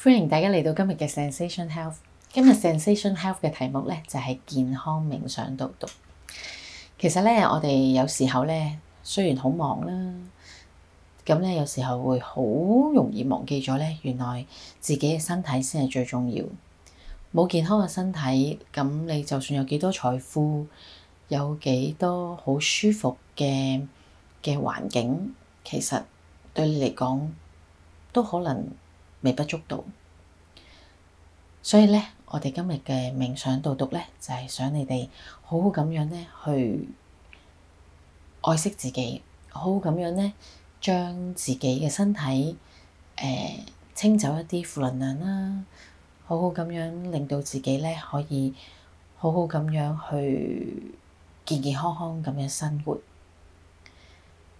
歡迎大家嚟到今日嘅 Sensation Health。今日 Sensation Health 嘅題目呢，就係健康冥想導讀。其實呢，我哋有時候呢，雖然好忙啦，咁呢，有時候會好容易忘記咗呢，原來自己嘅身體先係最重要。冇健康嘅身體，咁你就算有幾多財富，有幾多好舒服嘅嘅環境，其實對你嚟講都可能，微不足道，所以咧，我哋今日嘅冥想導讀咧，就係、是、想你哋好好咁樣咧，去愛惜自己，好好咁樣咧，將自己嘅身體誒、呃、清走一啲負能量啦，好好咁樣令到自己咧可以好好咁樣去健健康康咁樣生活。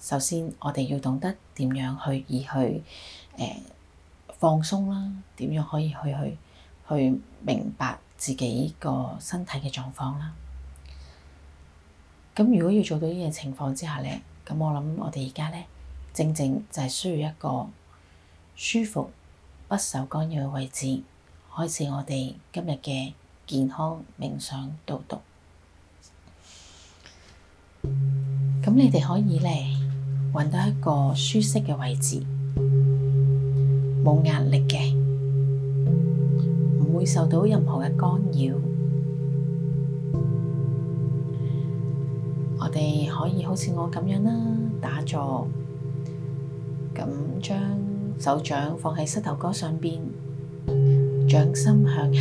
首先，我哋要懂得點樣去而去、呃、放鬆啦，點樣可以去去去明白自己個身體嘅狀況啦。咁如果要做到呢樣情況之下咧，咁我諗我哋而家咧，正正就係需要一個舒服、不受干擾嘅位置，開始我哋今日嘅健康冥想導讀。咁、嗯、你哋可以咧～搵到一個舒適嘅位置，冇壓力嘅，唔會受到任何嘅干擾。我哋可以好似我咁樣啦，打坐，咁將手掌放喺膝頭哥上面，掌心向下。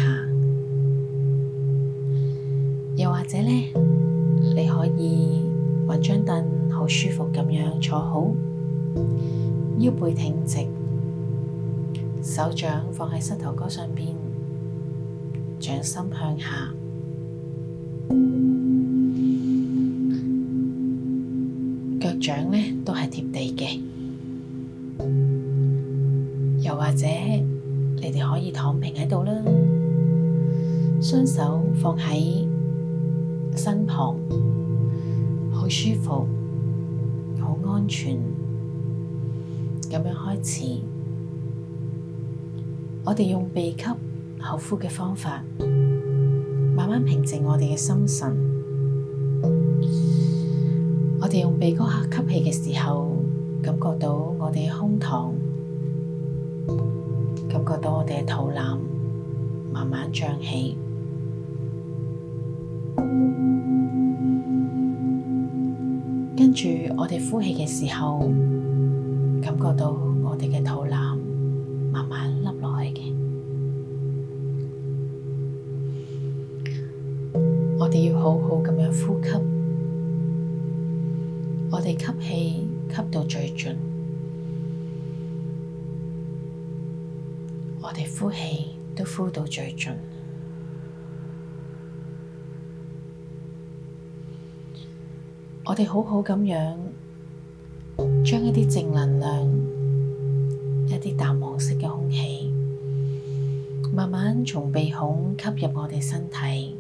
又或者呢，你可以搵張凳。好舒服咁樣坐好，腰背挺直，手掌放喺膝頭哥上邊，掌心向下，腳掌呢都係貼地嘅。又或者你哋可以躺平喺度啦，雙手放喺身旁，好舒服。安全咁樣開始，我哋用鼻吸口呼嘅方法，慢慢平靜我哋嘅心神。我哋用鼻哥吸氣嘅時候，感覺到我哋嘅胸膛，感覺到我哋嘅肚腩慢慢脹起。跟住我哋呼氣嘅時候，感覺到我哋嘅肚腩慢慢凹落去嘅。我哋要好好咁樣呼吸，我哋吸氣吸到最盡，我哋呼氣都呼到最盡。我哋好好咁樣，將一啲正能量、一啲淡黃色嘅空氣，慢慢從鼻孔吸入我哋身體，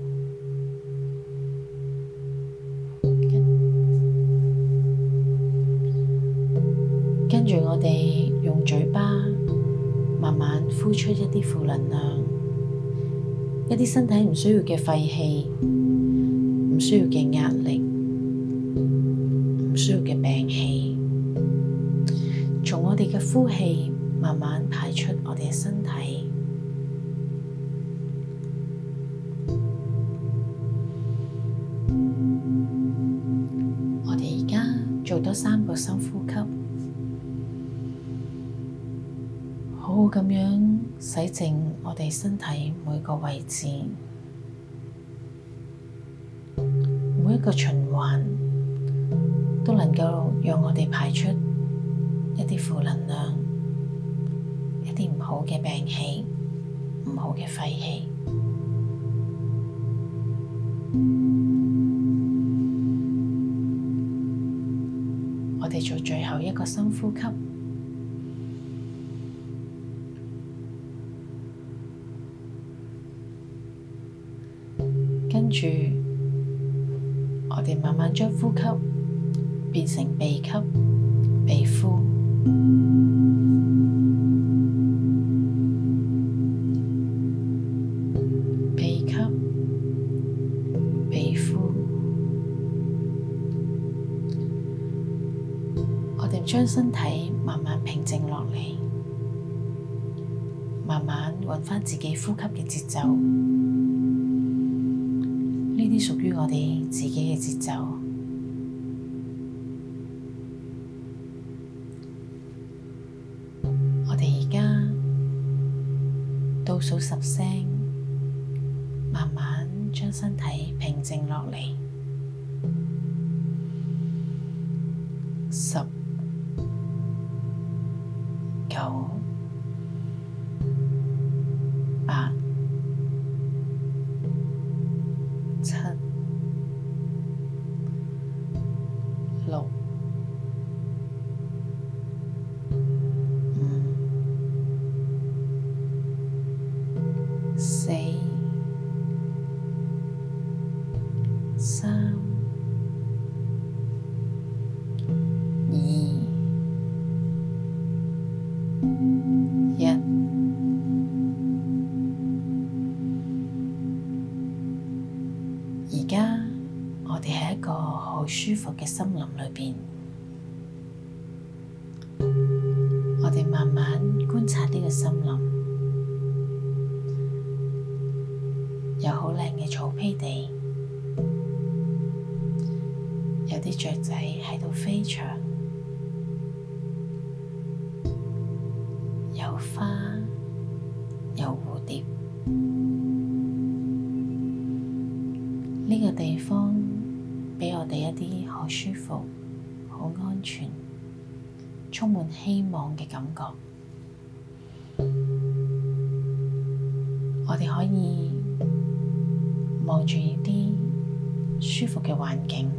跟住我哋用嘴巴慢慢呼出一啲負能量、一啲身體唔需要嘅廢氣、唔需要嘅壓力。呼氣，慢慢排出我哋嘅身體。我哋而家做多三個深呼吸，好好咁樣洗淨我哋身體每個位置，每一個循環都能夠讓我哋排出。一啲負能量，一啲唔好嘅病氣，唔好嘅廢氣。 我哋做最後一個深呼吸，跟住我哋慢慢將呼吸變成鼻吸鼻呼。鼻吸，鼻呼，我哋將身體慢慢平靜落嚟，慢慢揾返自己呼吸嘅節奏，呢啲屬於我哋自己嘅節奏。十九。舒服嘅森林裏邊，我哋慢慢觀察呢個森林，有好靚嘅草皮地，有啲雀仔喺度飛翔，有花，有蝴蝶，呢個地方。畀我哋一啲好舒服、好安全、充滿希望嘅感覺。我哋可以望住呢啲舒服嘅環境，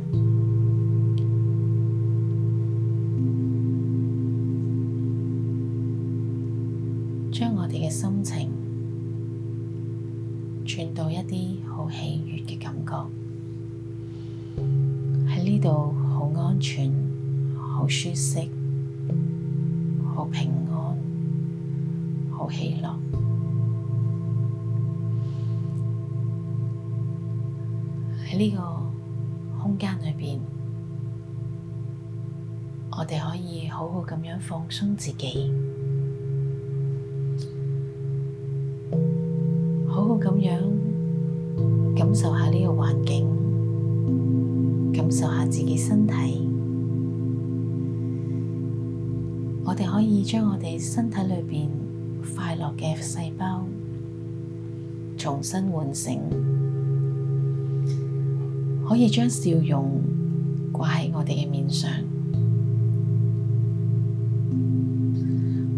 將我哋嘅心情轉到一啲好喜悅嘅感覺。喺呢度好安全，好舒適，好平安，好喜樂。喺呢個空間裏邊，我哋可以好好咁樣放鬆自己，好好咁樣感受下呢個環境。感受下自己身體，我哋可以將我哋身體裏邊快樂嘅細胞重新喚醒，可以將笑容掛喺我哋嘅面上，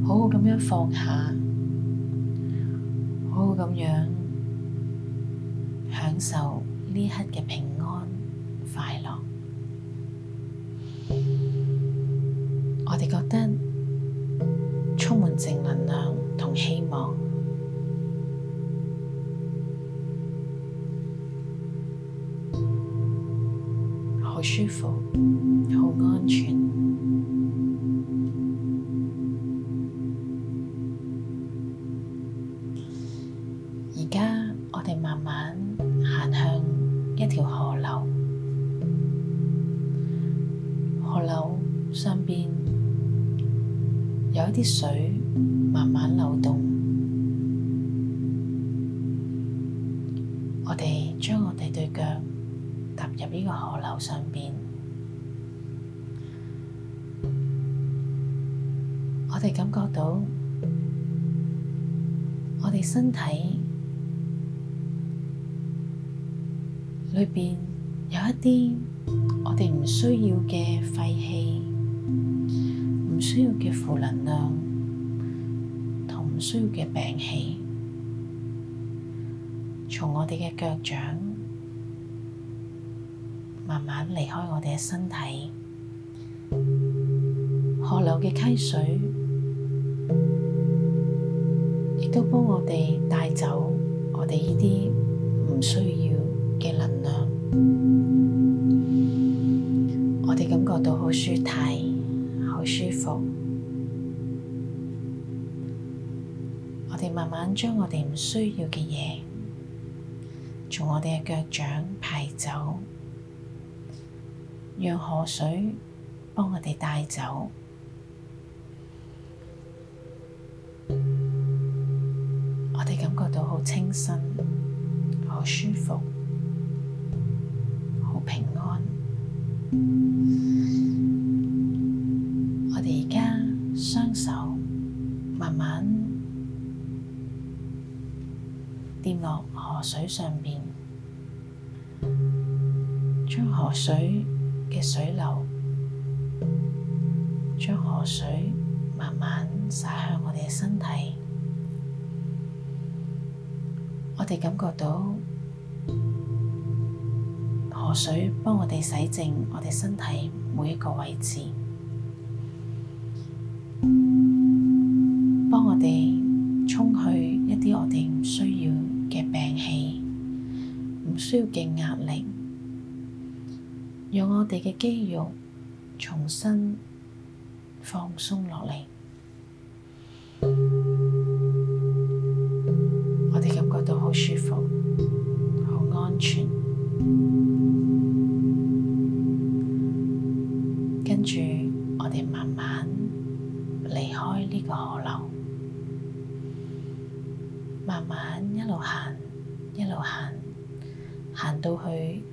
好好咁樣放下，好好咁樣享受呢刻嘅平靜。啲水慢慢流動，我哋將我哋對腳踏入呢個河流上邊，我哋感覺到我哋身體裏邊有一啲我哋唔需要嘅廢氣。唔需要嘅負能量同唔需要嘅病氣，從我哋嘅腳掌慢慢離開我哋嘅身體，河流嘅溪水亦都幫我哋帶走我哋呢啲唔需要嘅能量，我哋感覺到好舒坦。好舒服，我哋慢慢將我哋唔需要嘅嘢，從我哋嘅腳掌排走，讓河水幫我哋帶走。我哋感覺到好清新，好舒服。跌落河水上面，將河水嘅水流，將河水慢慢灑向我哋嘅身體，我哋感覺到河水幫我哋洗淨我哋身體每一個位置。幫我哋沖去一啲我哋唔需要嘅病氣，唔需要嘅壓力，讓我哋嘅肌肉重新放鬆落嚟。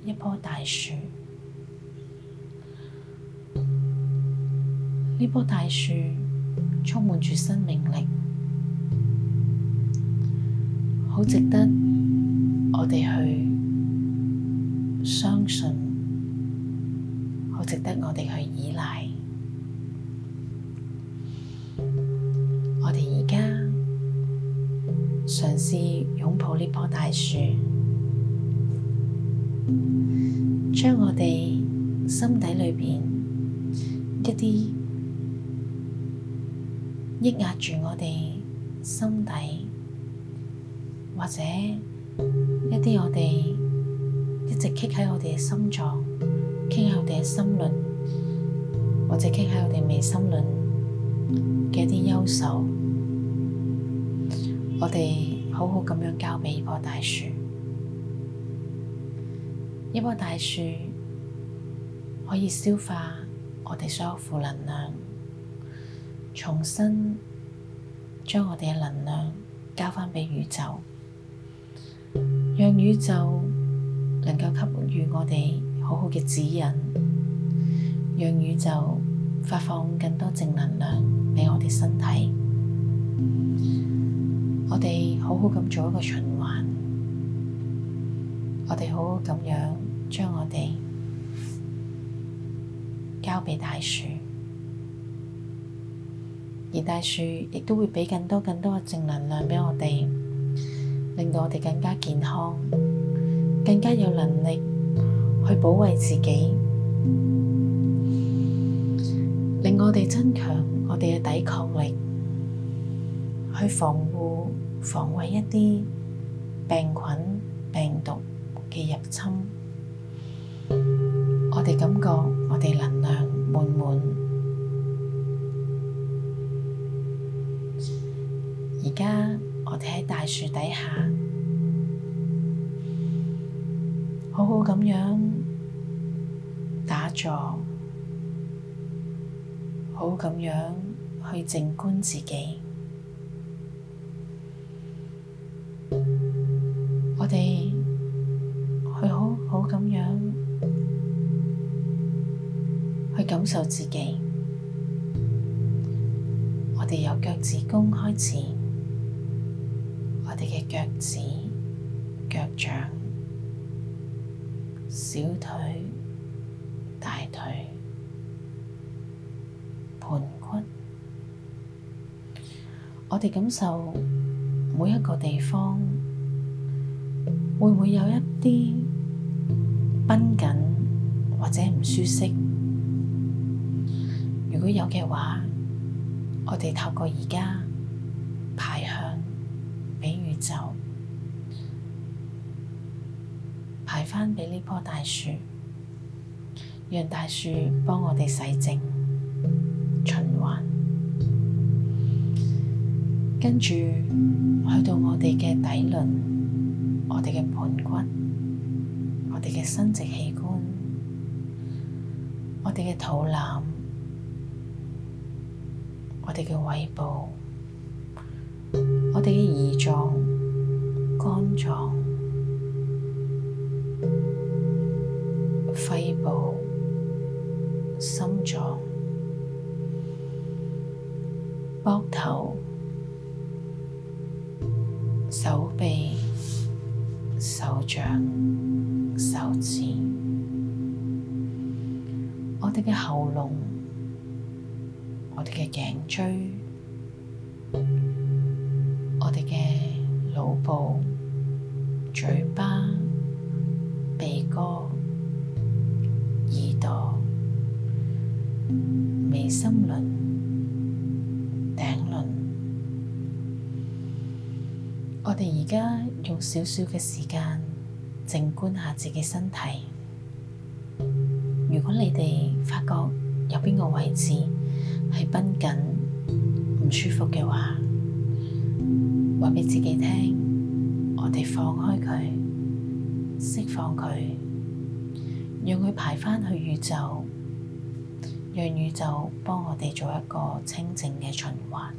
一棵大樹，呢棵大樹充滿住生命力，好值得我哋去相信，好值得我哋去依賴。我哋而家嘗試擁抱呢棵大樹。心底裏邊一啲抑壓住我哋心底，或者一啲我哋一直棘喺我哋嘅心臟，棘喺我哋嘅心輪，或者棘喺我哋眉心輪嘅一啲憂愁，我哋好好咁樣交俾一棵大樹，一棵大樹。可以消化我哋所有負能量，重新將我哋嘅能量交翻畀宇宙，讓宇宙能夠給予我哋好好嘅指引，讓宇宙發放更多正能量畀我哋身體，我哋好好咁做一個循環，我哋好好咁樣將我哋。交俾大樹，而大樹亦都會畀更多更多嘅正能量畀我哋，令到我哋更加健康，更加有能力去保衛自己，令我哋增強我哋嘅抵抗力，去防護防衛一啲病菌、病毒嘅入侵。我哋感覺，我哋能量滿滿。而家我哋喺大樹底下，好好咁樣打坐，好好咁樣去靜觀自己。去感受自己，我哋由腳趾公開始，我哋嘅腳趾、腳掌、小腿、大腿、盤骨，我哋感受每一個地方，會唔會有一啲繃緊或者唔舒適？如果有嘅話，我哋透過而家排向，比宇宙，排翻俾呢棵大樹，讓大樹幫我哋洗淨循環，跟住去到我哋嘅底輪、我哋嘅盤骨、我哋嘅生殖器官、我哋嘅肚腩。我哋嘅胃部、我哋嘅胰臟、肝臟、肺部、心臟、膊頭、手臂、手掌、手指，我哋嘅喉嚨。我哋嘅頸椎，我哋嘅腦部、嘴巴、鼻哥、耳朵、眉心輪、頂輪。我哋而家用少少嘅時間靜觀下自己身體。如果你哋發覺有邊個位置，係繃緊、唔舒服嘅話，話畀自己聽，我哋放開佢，釋放佢，讓佢排返去宇宙，讓宇宙幫我哋做一個清靜嘅循環。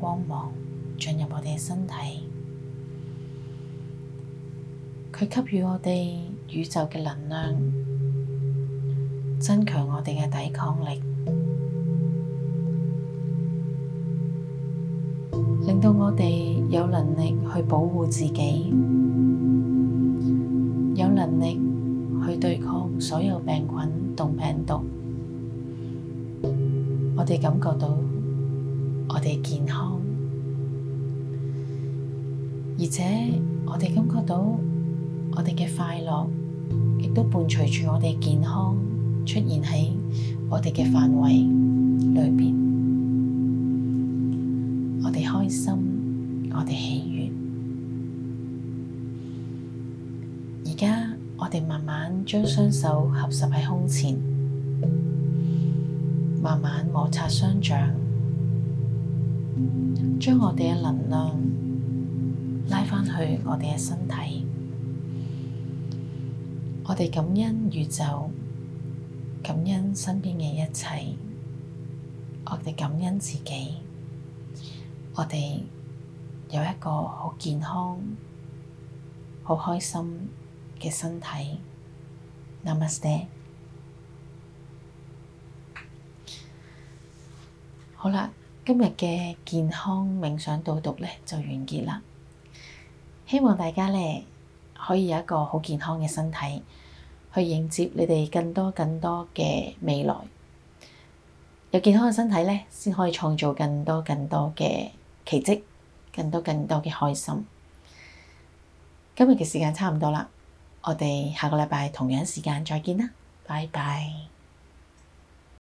光芒進入我哋嘅身體，佢給予我哋宇宙嘅能量，增強我哋嘅抵抗力，令到我哋有能力去保護自己，有能力去對抗所有病菌同病毒。我哋感覺到。我哋健康，而且我哋感覺到我哋嘅快樂，亦都伴隨住我哋健康出現喺我哋嘅範圍裏邊。我哋開心，我哋喜悅。而家我哋慢慢將雙手合十喺胸前，慢慢摩擦雙掌。將我哋嘅能量拉返去我哋嘅身體，我哋感恩宇宙，感恩身邊嘅一切，我哋感恩自己，我哋有一個好健康、好開心嘅身體。Namaste。好啦。今日嘅健康冥想導讀咧就完結啦，希望大家咧可以有一個好健康嘅身體去迎接你哋更多更多嘅未來，有健康嘅身體咧先可以創造更多更多嘅奇蹟，更多更多嘅開心。今日嘅時間差唔多啦，我哋下個禮拜同樣時間再見啦，拜拜。